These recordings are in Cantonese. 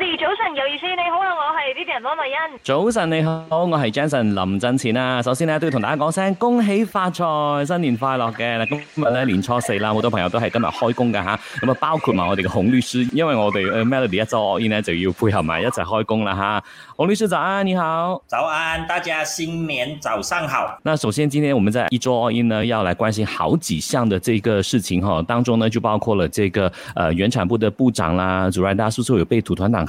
早晨有意思，你好啊，我係 B B 人溫麗欣。早晨你好，我係 Jason 林振前啊。首先呢，都要同大家講聲恭喜發財，新年快樂嘅。今日咧年初四啦，好多朋友都係今日開工噶吓。咁啊，包括埋我哋嘅洪律師，因為我哋、呃、Melody 一周 all in 咧就要配合埋一齊開工啦吓，洪律師早安，你好，早安，大家新年早上好。那首先今天我們在一周 all in 呢，要來關心好幾項的這個事情哈，當中呢就包括了這個誒、呃、原產部的部長啦，主任大叔叔有被土團黨。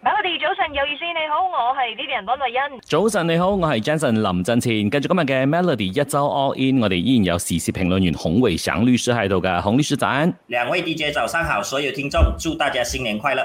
Melody，早晨有意思，你好，我係呢邊人溫麗欣。早晨你好，我係 Jason 林振前。繼續今日嘅 Melody 一周 All In，我哋依然有時事評論員孔偉祥律師喺度嘅，孔律師早安。兩位 DJ 早上好，所有聽眾祝大家新年快樂。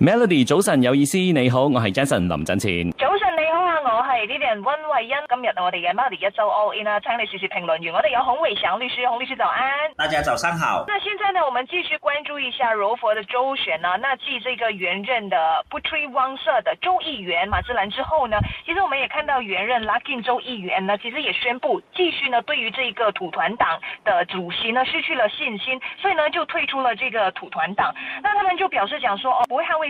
Melody，早晨有意思，你好，我係 Jason 林振前。早晨你好啊，我係 Lillian 溫慧欣。今日我哋嘅 Melody 一周 All In 啊，請你試試評論。我哋有洪偉祥律師，洪律師早安。大家早上好。那現在呢，我們繼續關注一下柔佛的州選呢，那繼這個原任的 Putri Wangsa 的州議員馬自蘭之後呢，其實我們也看到原任 Larkin 州議員呢，其實也宣布繼續呢對於這個土團黨的主席呢失去了信心，所以呢就退出了這個土團黨。那他們就表示講說，哦，不會捍衛。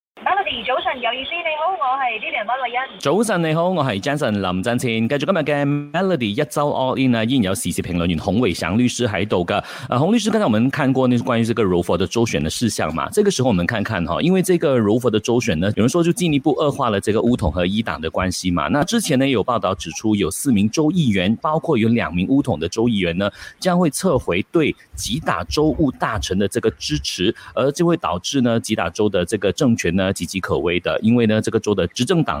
早晨，你好，我係 Jensen 林振前，繼續今日嘅 Melody 一周 all in 啊，依然有時事評論員洪偉祥律師喺度噶。啊，洪律師，剛才我們看過呢，關於這個柔佛的州選的事項嘛？這個時候我們看看哈，因為這個柔佛的州選呢，有人說就進一步惡化了這個巫統和伊黨的關係嘛。那之前呢，有報道指出，有四名州議員，包括有兩名巫統的州議員呢，將會撤回對吉打州務大臣的這個支持，而就會導致呢，吉打州的這個政權呢岌岌可危的，因為呢，這個州的執政黨。